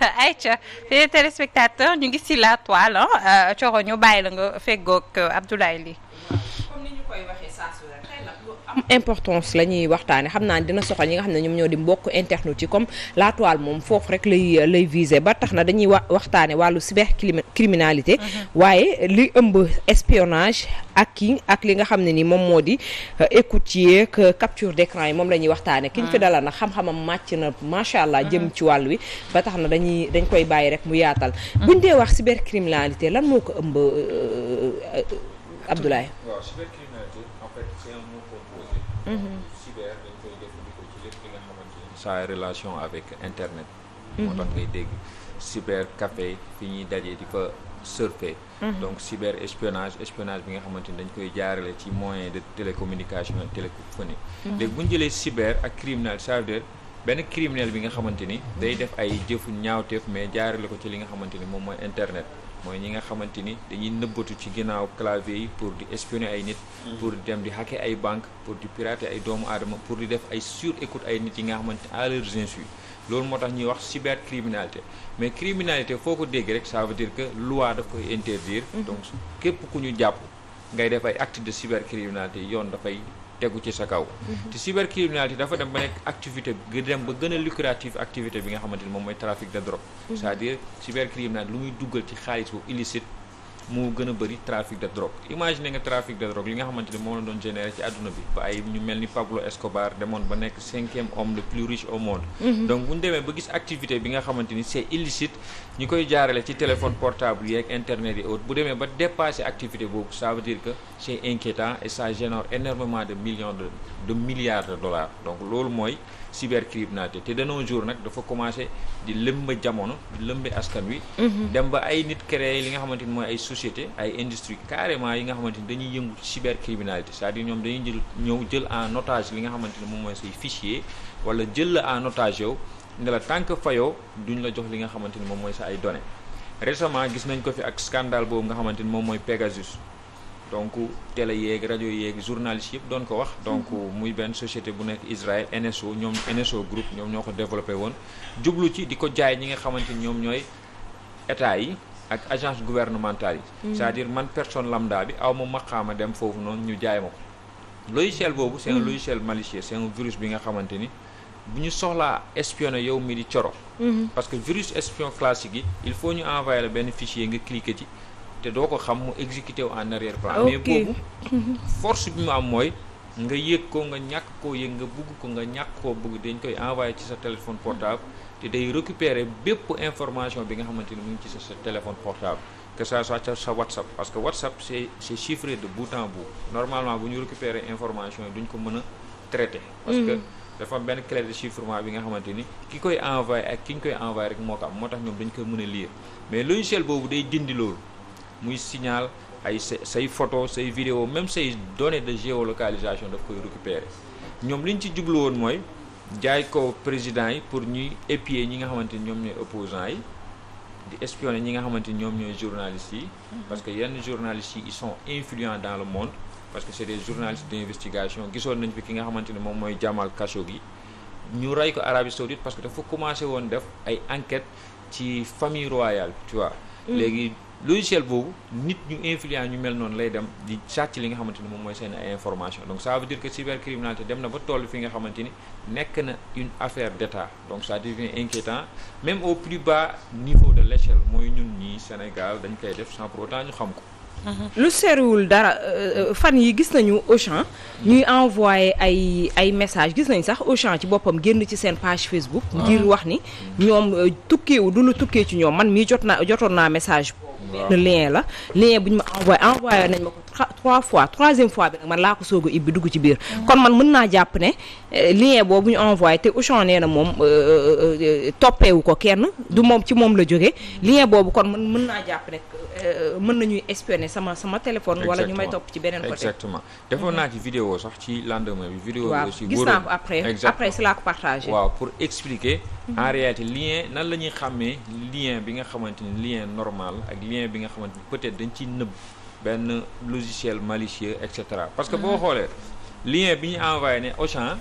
Aïcha tey téléspectateur ñu ngi si la toile ah, ah ñu bàyyi la nga feggoog Abdoulaye Ly. comme ni ñu am importance la ñuy waxtaane xam naa dina soxal ñi nga xam ne ñoom ñoo di mbokk internet yi comme la toile moom foofu rek lay lay viser ba tax na dañuy wa waxtaane wàllu cyber criminalité mm-hmm. waaye li ëmb ak hacking ak li nga xam ne nii moom moo di euh, écoute yeeg euh, capture d'écran yi moom la ñuy waxtaane ki ñu fi mm-hmm. dalal nag xam-xamam màcc na macha allah jëm mm-hmm. ci wàll wi ba tax na dañuy dañ koy bàyyi rek mu yaatal buñ dee wax cybercriminalité lan moo ko ëmb euh, Abdoulaye Mm-hmm. cyber dañ koy relation avec internet moo tax ngay dégg cyber café fi ñuy dajee di fa surfer mm-hmm. donc cyber espionnage espionnage bi nga xamante ni dañ koy jaarale ci moyen de télécommunication téléphonie mm-hmm. léegi bu ñu jëlee cyber ak criminel ça benn criminel bi nga xamante ni day def ay jëfu ñaawteef mais jaarale ko ci li nga xamante ni moom mooy internet mooy ñi nga xamante ni dañuy nëbbatu ci ginnaaw clavier yi pour di espionner ay nit mm. pour di dem di hacker ay banque pour di pirater ay doomu aadama pour di def ay sur écoute ay nit yi nga xamante à leurs insu loolu moo tax ñuy wax cybercriminalité mais criminalité foo ko dégg rek ça veut dire que loi daf koy interdire mm-hmm. donc képp ku ñu jàpp ngay def ay acte de cybercriminalité yoon dafay tegu ci sa kaw te cybercriminalité dafa dem ba nekk activité bi dem ba gën a activité bi nga xamante ni moom mooy trafic de drogue mhm. c'est-à-dire cybercriminalité lu muy duggal ci xaalis bu moo gën a bëri trafic de drogue imagine nga trafic de drogue li nga xamante ne moo la doon généré ci àdduna bi ba ay ñu mel ni Pablo Escobar demoon ba nekk cinquième homme le plus riche au monde mhm. donc bu ñu demee ba gis activité bi nga xamante ni c'est illicite ñi koy jaarale ci téléphone portable yi ak internet yi autres bu demee ba dépassé activité boobu ça veut dire que c'est inquiétant et ça génère énormément de million de de milliards de dollars loolu mooy cybercriminalité te de nos jours nag dafa commencé di lëmba jamono di lëmbe askan wi. Mhm. dem ba ay nit créé li nga xamante ni mooy ay société ay industrie carrément yi nga xamante ni dañuy yëngu ci cybercriminalité c'est-à-dire ñoom dañuy jël ñëw jël en otage li nga xamante ni moom mooy si fichier wala jël la en otage yow ne la tant que fayoo duñ la jox li nga xamante ni moom mooy sa ay données récemment gis nañ ko fi ak scandale boobu nga xamante ni moom mooy Pegasus. donc télé yeeg rajo yeeg journaliste yëpp doon ko wax. donc muy benn société bu nekk Israël NSO ñoom NSO groupe ñoom ñoo ko développé woon. jublu ci di ko jaay ñi nga xamante ni ñoom ñooy état yi ak agence gouvernementale yi. Mm. c'est-à-dire man personne lambda bi aw ma maqaama dem foofu noonu ñu jaay ma ko. logiciel boobu seen un mm. logiciel malicieux c'est un virus bi nga xamante ni. bu ñu soxlaa espionné yow mi di coro. Mm-hmm. parce que virus espion classique yi il faut ñu envoyer benn fichier nga cliquer ci. te doo ko xam mu exécuté wu en arrière plan mais boobu force bi mu am mooy nga yëg ko nga ñàkk ko yëg nga bugg ko nga ñàkk koo bëgg dañ koy envoyé ci sa téléphone portable mm-hmm. te day récupérer bépp information bi nga xamante ni mu ngi ci sa téléphone portable que ça soit sa WhatsApp parce que WhatsApp c'est de bout en bout normalement bu ñu récupérer information yi ñu ko mën a traité parce que mm-hmm. dafa benn clé de chiffrement bi nga xamante ni ki koy envoyé ak ki ñu koy envoyé rek moo ko am moo tax ñoom dañ koy mën a lire mais logiciel boobu day dindi loolu muy signal ay say say photo say vidéo même say données de géolocalisation daf koy récupérer ñoom li ñu ci jublu woon mooy jaay ko président yi pour ñuy épier ñi nga xamante ni ñoom ñooy opposants yi di espionner ñi nga xamante ni ñoom ñooy journalistes yi parce que yenn journalistes yi ils sont dans le monde parce que c'est des journalistes d'investigation gisoon nañ fi ki nga kham, xamante moom mooy Jamal gi ñu rey ko Arabie Saoudite parce que dafa commencé woon def ay enquêtes ci famille royale tu logiciel boobu nit ñu influent ñu mel noonu lay dem di sàcc li nga xamante ni moom mooy seen ay information donc ça veut dire que cybercriminalité dem na ba toll fi nga xamante nekk na une affaire d'État donc ça devient inquiétant même au plus bas niveau de l'échelle mooy ñun ñii Sénégal dañ koy def sans pour autant ñu xam ko lu seriwul dara euh, euh, fan yi gis nañu Auchan ñuy envoyé ay ay message gis nañ sax Auchan ci boppam génn ci seen page Facebook ah. ngir wax ni ñoom euh, tukkeewu du lu tukkee ci ñoom man mii jot naa jotoon naa message lien la lien bu ñu ma envoyé envoyé nañ ma ko trois fois troisième fois bi nag man laa ko soog a ibbi dugg ci biir. kon man mën naa jàpp ne eh, lien boobu ñu envoyé te Auchan nee na moom euh, euh, euh, toppeewu ko kenn du moom ci moom la jóge lien boobu kon man mën naa jàpp ne mën nañuy espionner sama sama téléphone. wala ñu may topp ci beneen côté. exactement defoon naa ci vidéo sax ci lendemain bi. vidéo bi aussi gis naa ko après après si laa ko partagé. waaw pour expliquer. en mhm. réalité lien nan la ñuy xàmmee lien bi nga xamante ni lien normal ak lien bi nga xamante ni peut-être dañ ciy nëbb. benn logiciel malicieux et cetera parce que mm-hmm. boo xoolee lien bi ñu envoyé ne Auchan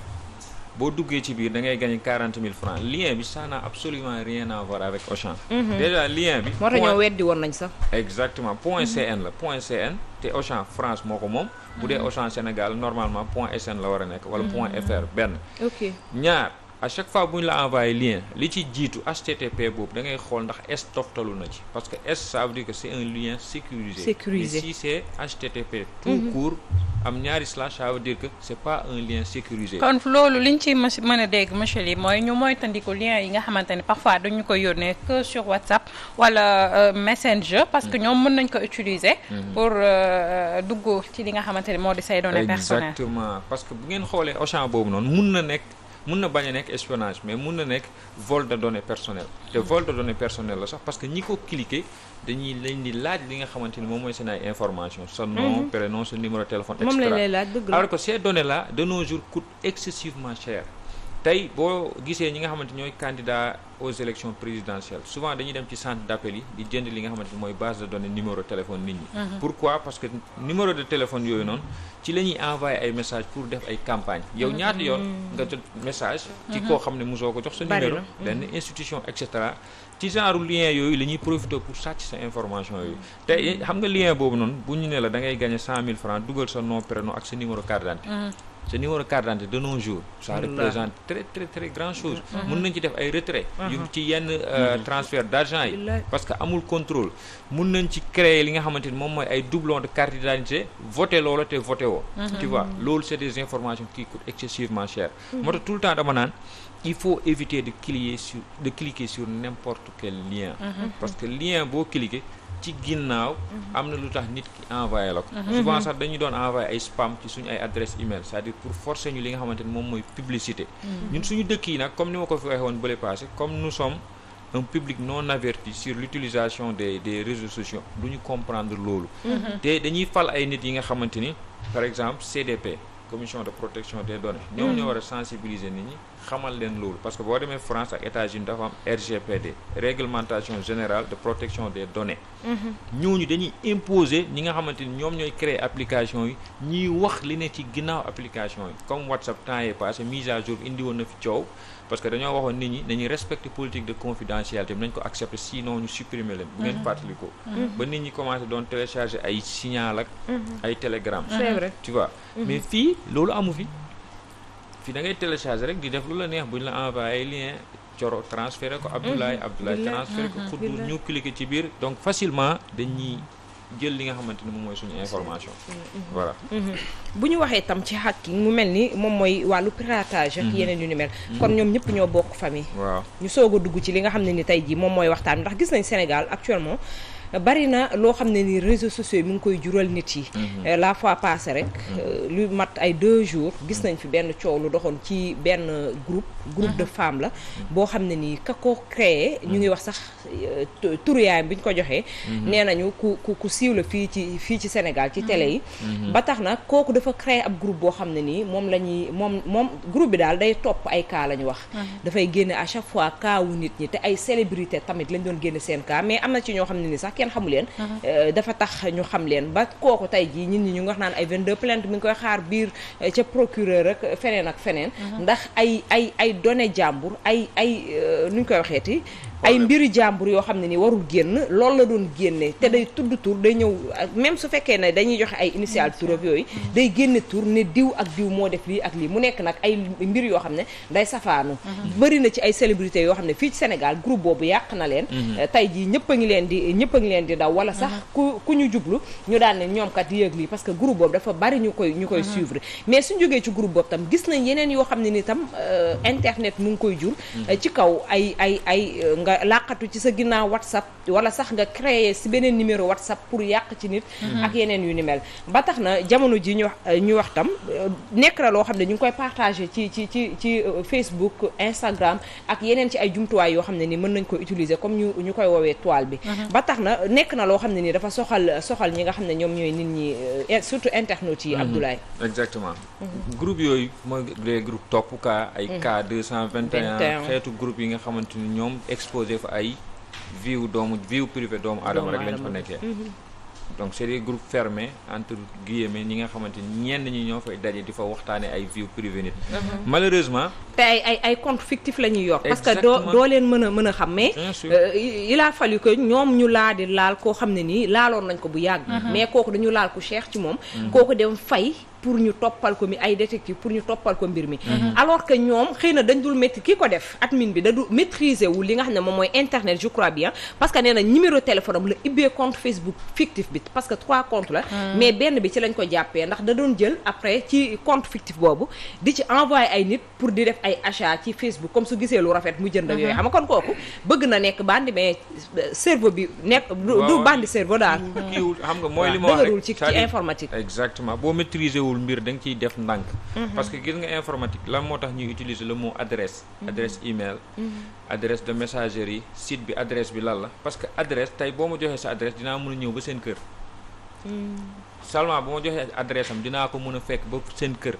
boo duggee ci biir da ngay gagné quarante mille francs lien bi ça n'a absolument rien à voir avec Auchan. Mm-hmm. déjà lien bi. moo tax ñoo di woon nañ sax. exactement point mm-hmm. CN la point CN te Auchan France moo ko moom. bu dee Auchan Sénégal normalement point SN la war a nekk. wala point FR benn. ok ñaar. à chaque fois bu ñu la envoyé lien li ci jiitu http boobu da xool ndax S toftalu na ci parce que S ça veut que c' est un lien sécurisé. sécurisé mais si c' est http. tout mhm. court am ñaari slash ça veut dire que c' est pas un lien sécurisé. kon loolu liñ ci mën a dégg monsieur li mooy ñu moytandiku lien yi nga xamante ne parfois dañu ko yónnee que sur WhatsApp wala euh, Messenger. parce que ñoom mën nañ ko utiliser. Mhm. pour euh, euh, dugg ci li nga xamante ne moo di say données personnelles. que bu ngeen xoolee Auchan boobu noonu mun na nekk. mun na bañ a nekk espionnage mais mun na nekk vol de données personnelles te vol de données personnelles la sax parce que ñi ko cliquer dañuy lañ laaj li nga xamante ni moom mooy seen ay information sa nom mhm. prénom sa numéro téléphone etc alors que ces données là de nos jours coûtent excessivement cher tey boo gisee ñi nga xamante ñooy candidat aux élections présidentielles souvent dañuy dem ci centre d'appel yi di jënd li nga xamante ni mooy base de données numéro téléphone nit ñi mhm. pourquoi parce que numéro de téléphone yooyu noonu ci la ñuy ay message pour def ay campagne yow mhm. ñaata yoon nga jot message ci mhm. koo xam ne mosoo ko jox sa numéro benn institution et cetera ci genre lien yooyu la ñuy profité pour sàcc sa information yooyu tey xam nga lien boobu noonu bu ñu ne la da ngay gagné cent mille francs dugal sa nom prénom ak sa numéro ce numéro carte d'identité de nos jours ça représente très très très grand chose uh-huh. mën nañ ci def ay retrait uh-huh. yu ci yenn euh, uh-huh. transfert d'argent yi parce que amul contrôle mun nañ ci créer li nga xamante ni moom mooy ay doublon de carte d'identité voté loola te voté woo loolu c'est des informations qui coûtent excessivement cher moo tout le temps dama naan il faut éviter de cliquer sur de cliquer sur n'importe quel lien parce que lien boo cliquer ci ginnaaw mhm. am na lu tax nit ki envoyé la ko mhm. souvent mhm. sax dañu doon envoyé ay spam ci suñu ay adresse email c'est-à-dire pour forcer ñu li nga xamante ne moom mooy publicité ñun suñu dëkk yi nag comme ni ma ko fi waxee woon bële passé comme nous sommes un public non averti sur l'utilisation des des réseaux sociaux du ñu comprendre loolu te dañuy fal ay nit yi nga xamante ni par exemple CDP commission de protection des données ñoom ñoo war a sensibiliser nit ñi xamal leen loolu parce que boo demee France ak États-Unis dafa am RGPD réglementation générale de protection des données mhm. ñooñu dañuy imposer ñi nga xamante ni ñoom ñooy créer application yi ñiy wax li ne ci ginnaaw application yi comme WhatsApp temps yee passé mise à jour indi woon na fi coow parce que dañoo waxoon nit ñi nañuy respecter politique de confidentialité bi nañ ko accepter sinon ñu supprimer leen. bu ngeen mhm. fàttali ko. Mhm. ba nit ñi commencé doon ay signal ak. ay loolu amu fi. fii da ngay télécharger rek di def lu la neex bu ñu la envoyé lien coro transféré ko Abdoulaye mhm. Abdoulaye transféré ko xuddu ah, ah, ñu cliquer ci biir donc facilement dañuy jël li nga xamante ni moom mooy suñu information voilà mhm. Mhm. bu ñu waxee tam ci hacking mu mel ni moom mooy wàllu piratage ak yeneen yu ni mel kon ñoom ñëpp ñoo bokk famille waaw ñu soog dugg ci li nga xam ne ni tey jii moom mooy waxtaan ndax gis nañ Sénégal actuellement bari na loo xam ne nii réseaux sociaux yi mu ngi koy jural nit yi. Mhm. Euh, la fois passée rek. Mhm. Euh, lu mat ay deux jours gis nañ fi benn coow lu doxoon ci benn groupe. groupe mhm. de femmes la boo xam ne nii ka ko créé. ñu ngi wax sax euh, turu yaayam bi ñu ko joxee. nee nañu ku ku ku siiw la fii ci fii ci Sénégal ci télé yi. ba tax na kooku dafa créé ab groupe boo xam ne nii moom la ñuy moom moom groupe bi daal day topp ay kaa la ñu wax. dafay génne à chaque fois cas nit ñi te ay célébrité tamit lañ doon génne seen cas mais am na ci ñoo xam ne ni sax. kenn xamu leen euh, dafa tax ñu xam leen ba kooku tey jii nit ñi ñu ngi wax naan ay 22 plainte mi ngi koy xaar biir euh, ca procureur ak feneen ak feneen ndax ay ay ay données jàmbur ay ay euh, nuñ koy waxeeti ay mbiri jàmbur yoo xam ne ni warul génn loolu la doon génne te day tudd tur day ñëw même su fekkee ne dañuy joxe ay initial tur yooyu mm-hmm. day génne tur ne diw ak diw moo def lii ak lii mu nekk nag ay mbir yoo xam ne day safaanu mm-hmm. bari na ci ay célébrité yoo xam ne fii ci Sénégal groupe boobu yàq na leen mm-hmm. eh, tey jii ñëpp ngi leen di ñëpp a ngi leen di daw wala sax ku ku ñu jublu ñu daan ne ñoom kat yëg lii parce que groupe boobu dafa bari ñu koy ñu koy suivre mais suñ jógee ci groupe boobu tam gis nañ yeneen yoo xam ne ni tam euh, internet mu ngi koy jur eh, ci kaw ay ay ay nga làqatu ci sa ginnaaw whatsapp wala sax nga créer si beneen numéro whatsapp pour yàq ci nit mhm. ak yeneen yu ni mel ba tax na jamono ji ñu ñu wax tam euh, nekk na loo xam ne ñu ngi koy partagé ci ci ci ci euh, Facebook Instagram ak yeneen ci ay jumtuwaay yoo xam ne ni mën nañ ko utiliser comme ñu ñu koy woowee toile bi mhm. ba tax na nekk na loo xam ne ni dafa soxal soxal ñi nga xam ne ñoom ñooy nit ñi euh, surtout internautes yi mhm. Abdoulaye exactement groupe yooyu mooy les groupes topp ka ay k xeetu groupe yi nga xamante ni ñoom exposé fa ay vie wu doomu vie wu privé doomu aadama rek lañ fa nekkee mhm. donc c'est des groupes fermés entre guillemets ñi nga xamante ñenn ñi ñoo fay daje di fa waxtaanee ay vie privée nit mhm. te ay compte fictif la ñuy yor parce que doo doo leen mën a mën a xam mais euh, il a fallu que ñoom ñu laa di laal koo xam ne laaloon nañ ko bu yàgg mhm. mais kooku dañu laal ku cher ci moom kooku dem fay pour ñu toppal ko mi ay détective pour ñu toppal ko mbir mi mhm. alors que ñoom xëy na dañ dul métti kii ko def admin bi da dul maîtriser wu li nga xam ne moom mooy internet je crois bien parce que nee na numéro la ibbee compte Facebook bi parce que trois comptes la mhm. mais benn bi ci lañ ko jàppee ndax da doon jël après ci compte fictif boobu di ci envoyé ay nit pour di def ay achat ci Facebook comme su gisee lu rafet mu jënd ak yooyu mhm. xam a kon kooku bëgg na nekk bandi mais euh, cerveau bi nekk soxlawul mbir da nga ciy def ndànk mhm. parce que gis nga informatique lan moo tax ñuy utiliser le mot adresse mhm. adresse email mhm. adresse de messagerie site bi adresse bi lan la parce que adresse tey boo ma joxee sa adresse dinaa mën a ñëw ba seen kër seulement bu ma joxee adresse am dinaa ko mën a fekk ba seen kër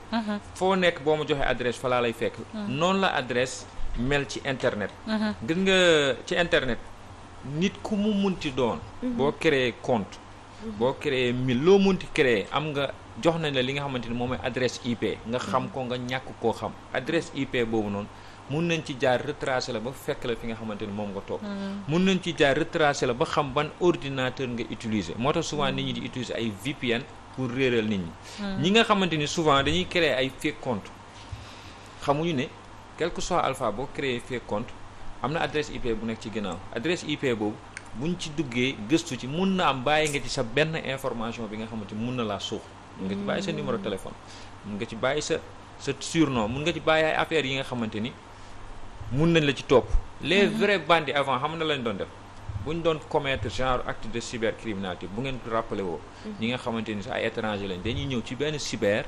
foo nekk boo ma joxee adresse falaa lay fekk noonu la adresse mel ci internet gis nga ci internet nit ku mu munti doon boo créer compte boo créer mille loo munti créer am nga jox nañ la li nga xamante ni moom mooy adresse IP nga xam ko nga ñàkk koo xam adresse IP boobu noonu mun nañ ci jaar retracé la ba fekk la fi nga xamante ni moom nga toog mm-hmm. mun nañ ci jaar retracé la ba xam ban ordinateur nga utiliser moo tax souvent mm-hmm. nit ñi di utiliser ay VPN pour réeral nit ñi mm-hmm. ñi nga xamante ni souvent dañuy créer ay fake compte xamuñu ne quel que soit alpha boo créer fake compte am na adresse IP bu nekk ci ginnaaw adresse IP boobu buñ ci duggee gëstu ci mun na am bàyyi nga ci sa benn information bi nga xamante ni mun na laa suux mun nga ci bàyyi sa hmm. numéro téléphone mun nga ci bàyyi sa sa surnom mun nga ci bàyyi ay affaires yi nga xamante ni mun nañ la ci topp les hmm. vrais bandits avant xam na lañ doon def bu ñu doon commettre genre acte de cybercriminalité bu ngeen rappelé woo hmm. ñi nga xamante ni ay étranger lañ dañuy ñëw ci benn cyber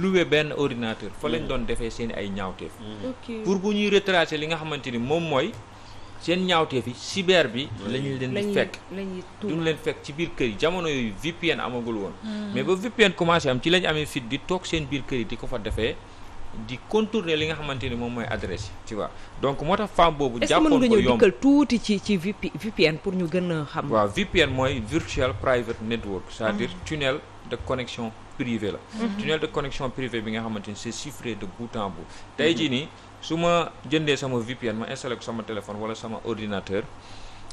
loué benn ordinateur fa lañ doon defee seen ay ñaawteef pour bu ñuy retracer li nga xamante ni moom mooy seen ñaawteef yi cyber bi lañu leen di fekk duñu leen fekk ci biir kër yi jamono yooyu VPN amagul woon hmm. mais ba VPN commencé am ci lañ amee fit di toog seen biir kër yi di ko fa defee di contourner li nga xamante ni moom mooy adresse tu vois donc moo tax femme boobu jàppoon ko yomb dikkal tuuti ci ci VPN pour ñu gën a xam waaw VPN mooy virtual private network c'est-à-dire hmm. tunnel de connexion privée la hmm. tunnel de connexion privée bi nga xamante ni c'est chiffré de bout en bout tey nii su ma jëndee sama VPN ma installé sama téléphone wala sama ordinateur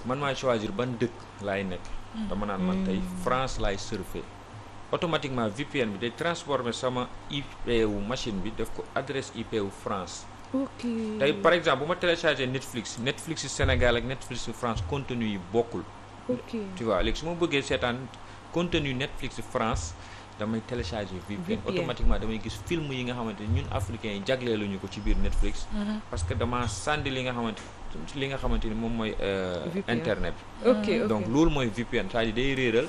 man maay choisir ban dëkk laay nekk. Mm. dama naan man tey mm. France laay surfer automatiquement VPN bi day transformer sama IP wu machine bi def ko adresse IP wu France. ok tey par exemple bu ma téléchargé Netflix Netflix Sénégal ak Netflix France contenu yi bokkul. ok tu vois su ma bëggee seetaan contenu Netflix France. damay télécharger VPN automatiquement damay gis film yi nga xamante ñun africains yi jagleeluñu ko ci biir Netflix mm-hmm. parce que dama sàndi li nga xamante li nga xamante ni moom mooy euh, internet ok mm-hmm. donc loolu mooy VPN cest à day réeral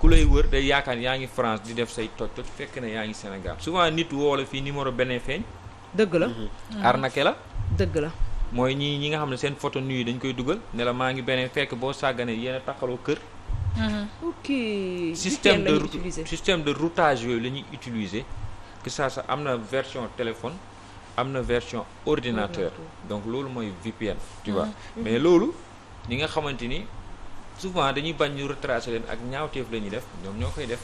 ku lay wër day yaakaar yaa ngi France di def say toj toj fekk na yaa ngi Sénégal souvent nit woo la fii numéro beneen feeñ dëgg la mm-hmm. arnaque la dëgg la mooy ñi ñi nga xam ne seen photo nuyu dañ koy dugal ne la maa ngi beneen fekk boo sàggane yéen a kër Mm-hmm. ok système de système de routage yooyu la ñuy utiliser que ça am na version téléphone am na version ordinateur donc loolu mooy VPN tu mm-hmm. mais loolu ñi nga xamante ni souvent dañuy bañ ñu retracer leen ak ñaawteef la ñuy def ñoom ñoo koy def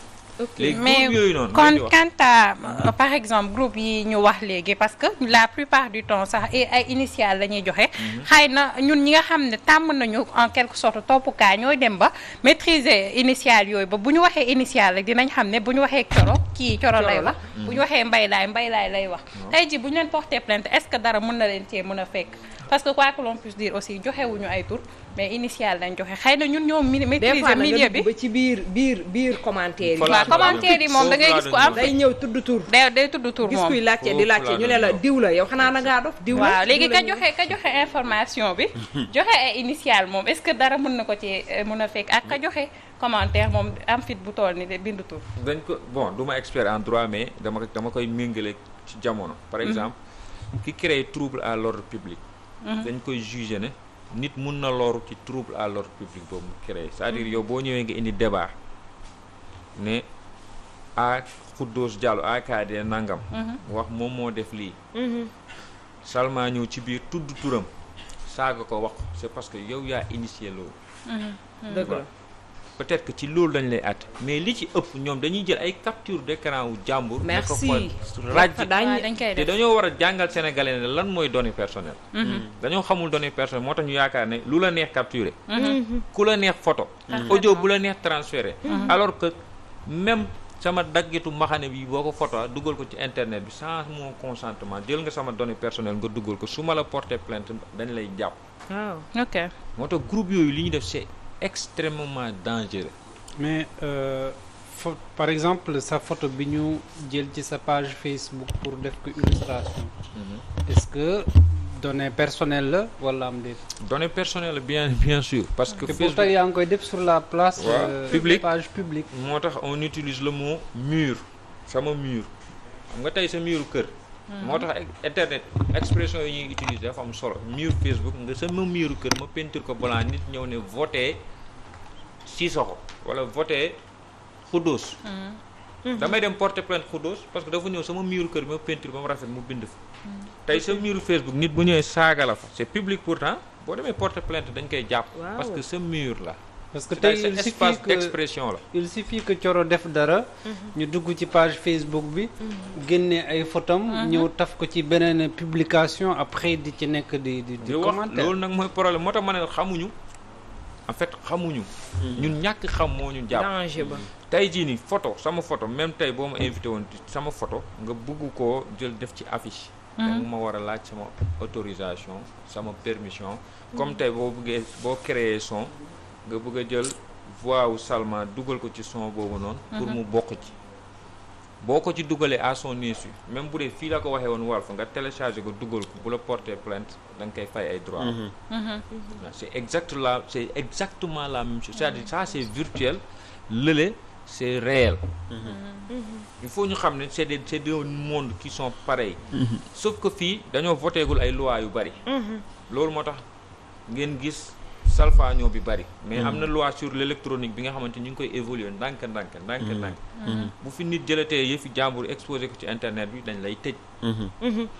mais kon quant à par exemple groupe yi ñu wax léegi parce que la plupart du temps sax ay initial la ñuy joxe mhm. xëy na ñun ñi nga xam ne tàmm nañu en quelque sorte toppukaa ñooy dem ba maîtriser initial yooyu ba bu ñu waxee initial rek dinañ xam ne bu ñu waxee coro kii coro lay wax mhm. bu ñu waxee mbay laay mbay lay wax tey ji bu ñu leen porter plainte est-ce que dara mun na leen cee mën a fekk parce que quoi que l'on puisse dire aussi joxewuñu ay tur mais initial dañ joxe xëy na ñun ñoo maîtriser milieu bi ba ci biir biir biir commentaire yi. waaw commentaire yi moom da ngay gis ko am day ñëw tudd tur. day day tudd tur moom gis kuy laajte di laajte ñu ne la diw la yow xanaa na ngaa dof waaw léegi ka joxe ka joxe information bi. joxe ay initial moom est-ce que dara mën na ko ci euh, mën a fekk ak ka joxe commentaire moom am fit bu tool ni de bind tur. dañ ko bon du ma expert en droit mais dama dama koy méngale ci jamono. par mhm. exemple ki crée trouble à l'ordre public. Mhm. dañ koy juger ne. nit mun na loru ci trouble à l'ordre public boobu mu créé c'est-à-dire yow boo ñëwee nga indi débat ne a Khoudoss Diallo AKD nangam. Mhm. wax moom moo def lii. Mhm. Salma ñëw ci biir tudd turam saaga ko wax c'est parce que yow yaa initié loolu. Mhm. dëgg la. peut-être ci loolu dañ lay àtte mais li ci ëpp ñoom dañuy jël ay capture d'écran wu jàmbur. ne ko xool raj te dañoo war a jàngal sénégalais ne lan mooy données personnel mhm. mm. dañoo xamul données personnelles moo tax ñu yaakaar ne lu la neex capturé. Mhm. Mm-hmm. ku la neex photo. ojo bu la neex transféré. Mhm. alors que même sama daggitu maxane bi boo ko photo dugal ko ci internet bi sans moo consentement jël nga sama données personnel nga dugal ko su ma la porté plainte dañ lay jàpp. waaw ok yooyu li def c'est extrêmement dangereux. mais euh, faut, par exemple sa photo bi ñu jël ci sa page Facebook pour def ko illustration. mm est-ce que données personnelles la wala am déet. données personnelles bien bien sûr. parce que Facebook pourtant yaa ngi koy def sur la place. waaw euh, publique moo tax on utilise le mot mur sama mur xam nga tey sa muru kër. Mhm. moo tax internet expression yi ñuy utiliser dafa am solo mur Facebook nga sama muru kër ma peinture ko balaa nit ñëw ne voté. Sissoko wala voté Khoudous. Hmm. damay dem porter plainte Khoudous parce que dafa ñëw sama miiru kër bi ma peinture ba mu rafet mu bind fa. Hmm. tey sa miiru Facebook nit bu ñëwee saaga la fa c'est public pourtant boo demee porter plainte dañ koy jàpp. parce que sa mur la. parce que tey il suffit que d'expression la il suffit que Coro def dara. Hmm. ñu dugg ci page Facebook bi. génne ay photom ñëw taf ko ci beneen publication après di ci nekk di di. di commentaire loolu nag mooy problème moo tax ma ne xamuñu. en fait xamuñu. Hmm. ñun ñàkk xam moo ñu jàpp. ba tey jii ni photo sama photo même tey boo ma invité woon sama photo nga bëgg koo jël def ci affiche. danga hmm. ma war a laaj sama autorisation sama permission. Hmm. comme tey boo bëggee boo créer son nga bëgg a jël voix wu Salma dugal ko ci son boobu noonu. pour mu bokk ci. boo ko ci dugalee à son insu même bu dee fii la ko waxee woon Walf nga téléchargé ko dugal ko bu la porter plainte da nga koy fay ay droits. Mhm. Mhm. c' est exact la c' exactement la même chose. c' est à dire ça c' est virtuel lële c' mhm. il faut ñu xam ne c' est des c' est des mondes qui sont pareils. sauf que fii dañoo voteegul ay lois yu bari. loolu moo tax ngeen gis. salfaañoo bi bari mais hmm. am na loi sur l'électronique bi nga xamante ñu ngi koy évoluer ndànk ndànk ndànk hmm. hmm. bu fi nit jëlatee yëfi jàmbur exposé ko ci internet bi dañ lay tëj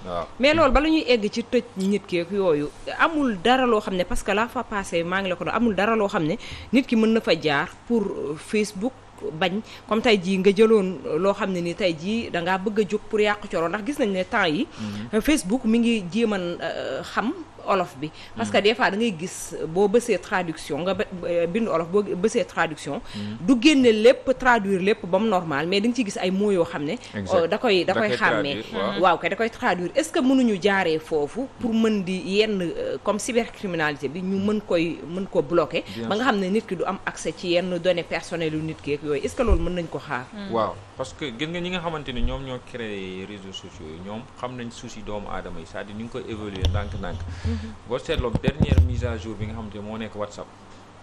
waaw mais loolu ba la ñuy egg ci tëj nit keek yooyu amul dara loo xam ne parce que la fa passé maa ngi la ko doon amul dara loo xam ne nit ki mën na fa jaar pour euh, Facebook bañ comme tey jii nga jëloon loo xam ne ni tey jii da ngaa bëgg a jóg pour yàq coro ndax gis nañ ne temps yi mhm. Facebook mi ngi jéem a euh, xam olof bi parce que mhm. des fois da ngay gis boo bësee traduction nga euh, bind olof boo bësee traduction mhm. du génne lépp traduire lépp ba mu normal mais da nga ci gis ay mots yoo xam ne euh, da koy da koy xàmmee waaw kay da koy traduire est-ce que mënuñu jaaree foofu pour mën di yenn comme cybercriminalité bi ñu mën koy mën ko bloquer ba nga xam ne nit ki du am accès ci yenn données personnelles yu nit ki yooyu est-ce que loolu mën nañ ko xaar. Hmm. waaw parce que gën nga ñi nga xamante ni ñoom ñoo créé réseaux sociaux yi ñoom xam nañ souci doomu aadama yi sa à dire ñu ngi koy évoluer ndànk-ndànk. Mm-hmm. boo seetloo dernière mise à jour bi nga xamante moo nekk WhatsApp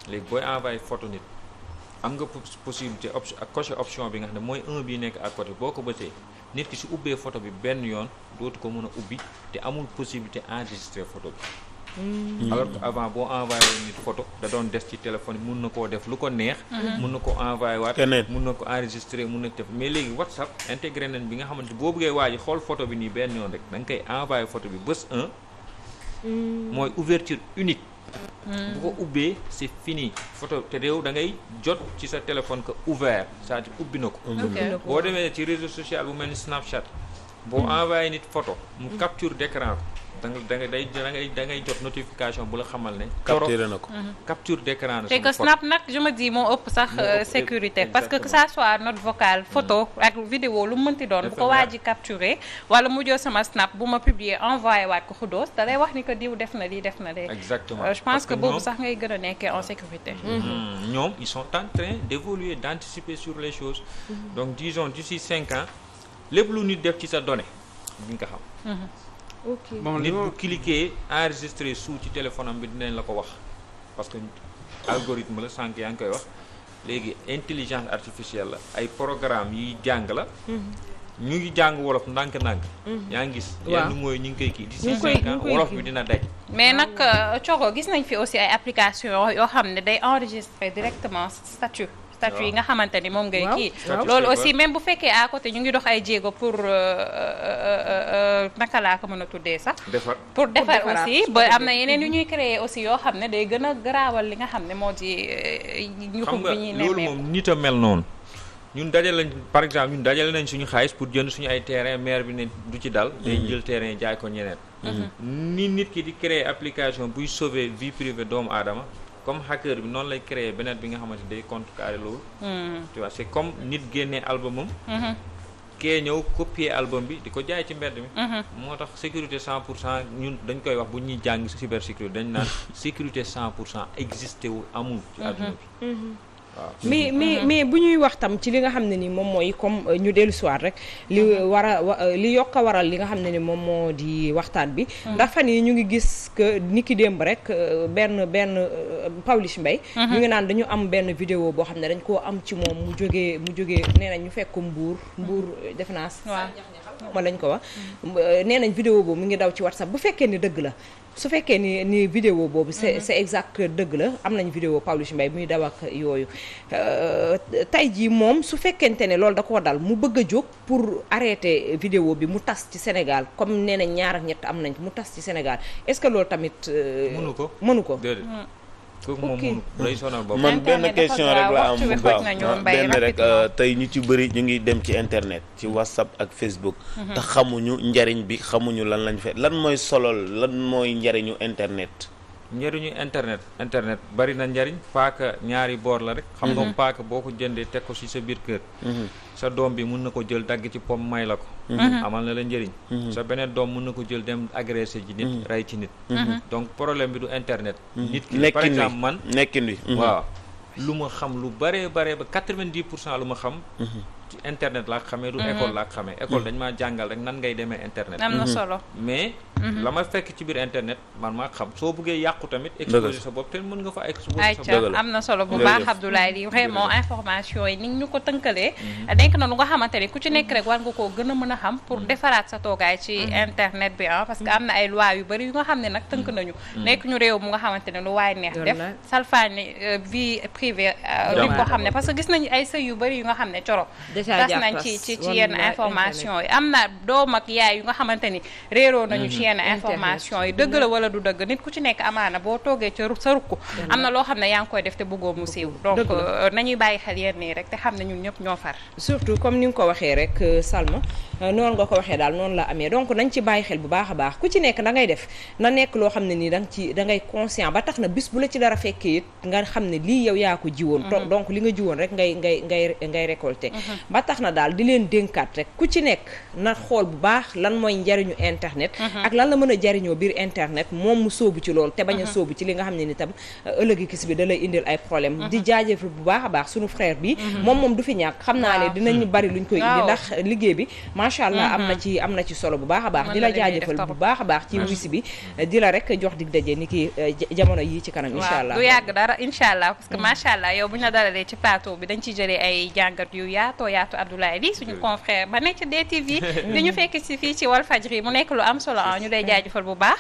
léegi booy envoyé photo nit am nga possibilité option ak coché option bi nga xam ne mooy un bi nekk à côté boo ko bësee nit ki su ubbee photo bi benn yoon dootu ko mën a ubbi te amul possibilité enregistrer photo bi. Mm. Mm. alors avant boo envoyé nit photo da doon des ci téléphone mun na koo def lu ko neex. Mm-hmm. mun na ko envoyé waat. mun na ko enregistré mun na def mais léegi WhatsApp intégré nañ bi nga xamante boo bëggee xool photo bi nii benn yoon rek da koy envoyé photo bi bës un. Mm. mooy ouverture unique. bu ko ubbee c'est fini photo te réew da ngay jot ci sa téléphone que ouvert cest à ubbi na ko. boo demee ci réseau social bu mel ni Snapchat. boo envoyé nit photo mu capture d'écran ko. da nga day da ngay jot notification bu la xamal ne. capture na ko mhm. capture d'écran. te que Snap nag je me dis moo ëpp sax euh, sécurité parce que que ça soit note vocale photo mhm. ak vidéo lu mënti doon bu ko waa ji capturer wala mu jël sama Snap bu ma publier envoyé waat ko Xudoos da lay wax ni que diw def na lii def na lee. exactement euh, je pense que boobu sax ngay gën a nekkee en sécurité. Mhm. ñoom ils sont en train d'évoluer d'anticiper sur les choses. donc disons d'ici cinq ans lépp lu def ci sa donnée di nga ok bon nit bu cliquer enregistré sous ci téléphone am bi dinañ la ko wax parce que algorithme la sànq yaa ngi koy wax léegi intelligence artificielle la ay programme yiy jàng la. Mhm. ñu ngi jàng wolof ndànk-ndànk. Mhm. yaa ngi gis. waaw yenn mooy ñu ngi koy kii. di si koy wolof bi dina daj. mais nag Coro euh, gis nañ fi aussi ay application yoo xam ne day enregistrer directement statut. statut yi ah. nga xamante ni moom ngay kii loolu aussi même bu fekkee à côté ñu ngi dox ay jéego pour euh, euh, euh, naka laa ko mën a tuddee sax pour defar aussi ba am na yeneen yu mm-hmm. ñuy créer aussi yoo xam ne day gën a garaawal li nga xam ne moo di ñu xub bi ñuy nemmee moom nit a mel noonu ñun dajale lañ par exemple ñun dajale nañ suñu xaalis pour jënd suñu ay terrain maire bi ne du ci dal day mm-hmm. jël terrain jaay ko ñeneen mm-hmm. ni nit ki di créer application buy sauver vie privée doomu aadama comme hacker bi noonu lay créer beneen bi nga xamante day contrecarrer loolu. Hmm. tu vois c'est comme nit génnee albumam. Hmm. kee ñëw copier album bi di ko jaay ci mbedd mi. Hmm. moo tax sécurité cent pour cent ñun dañ koy wax bu ñuy jàng si cybersécurité dañ naan sécurité cent pour cent existé wu amul. ci àdduna bi. mais mm-hmm. mais mais bu ñuy waxtam ci li nga xam ne ni moom mooy comme euh, ñu dellu soir rek li mm-hmm. war a euh, li yokk waral li nga xam ne ni moom moo di waxtaan bi mm-hmm. ndax fan yi ñu ngi gis que ni ki démb rek euh, benn benn Pawlish Mbaye ñu ngi naan dañu am benn vidéo boo xam ne dañ koo am ci moom mu jógee mu jóge nee na ñu fekk mbuur mbuur def naa ma lañ ko wax nee nañ vidéo boobu mu ngi daw ci whatsapp bu fekkee ni dëgg la su fekkee ni ni vidéo boobu c'est mhm. c'est exact dëgg la am nañ vidéo Pawlish Mbaye muy daw ak yooyu euh, tey jii moom su fekkente ne loolu da koo dal mu bëgg a jóg pour arrêter vidéo bi mu tas ci Sénégal comme nee nañ ñaar ak ñett am nañ mu tas ci Sénégal est-ce que loolu tamit euh, mënu ko mënu ko kooku moom mënu lay sonal man benn question rek la am bu gaaw ah, benn rek ah, tey ñu ci bëri ñu ngi dem ci internet ci whatsapp ak facebook mhm. te xamuñu njariñ bi xamuñu lan lañ fe lan mooy solol lan mooy njariñu internet njëriñu internet internet bari na njariñ paaka ñaari boor la rek xam nga mu mhm. paaka boo ko jëndee teg ko ci sa biir kër mhm. sa doom bi mun na ko jël dagg ci pom may la ko mhm. amal na la njëriñ sa beneen doom mun na ko jël dem agressé ji nit rey ci nit donc problème bi du internet nit ki par exemple man nekkin wi waaw lu ma xam lu bare bare ba quatre vingt pour cent lu ma xam ci internet laa xamee du école laa xamee école dañ maa jàngal rek nan ngay demee internet Mm-hmm. la ma fekk ci biir internet man maa xam soo bëggee yàqu tamit exposé sa bopp te nga fa exposé sa bopp am na solo bu baax Abdoulaye li vraiment information yi ni ñu ko tënkalee denk mm-hmm. na lu nga xamante ni ku ci nekk rek war nga koo gën a mën a xam pour mm-hmm. defaraat sa toogaay ci internet bi ah parce am na ay loi yu bëri yu nga xam ne nag tënk nañu nekk ñu réew mu nga xamante ne lu waaye neex def salfaañi euh, vie privée euh, li ko xam ne parce que gis nañu ay sëy yu bëri yu nga xam ne coro tas nañ ci ci ci yenn information yi am na doom ak yaay yu nga xamante ni réeroo nañu ci yenn information yi dëgg la wala du dëgg nit ku ci nekk amaana boo toogee ca rukk am na loo xam ne yaa ngi koy def te bëggoo mu siiw donc euh, nañuy bàyyi xel yenn yi rek te xam ne ñun ñëpp ñoo far surtout comme ni nga ko waxee rek euh, Salma euh, noonu nga ko waxee daal noonu la amee donc nañ ci bàyyi xel bu baax a baax ku ci nekk da ngay def na nekk loo xam ne nii da nga da ngay conscient ba tax na bis bu la ci dara fekkee it nga xam ne lii yow yaa ko jiwoon mhm. donc li nga jiwoon rek ngay ngay ngay ngay récolter mhm. ba tax na daal di leen dénkaat rek ku ci nekk na xool bu baax ak lan la mën a jariñoo biir internet moom mu sóobu ci loolu te bañ a sóobu ci li nga xam ne ni tam euh, ëllëgi bi da lay indil ay problème di a baax a la jaajëfal a baax la rek jox dig daje ni euh, mmh. la dalalee ci plateau bi dañ ci jëlee ay jàngat yu yaatoo yaatu Abdoulaye li suñu confrère ba nekk lu am solo ñu lay jaajëfal bu baax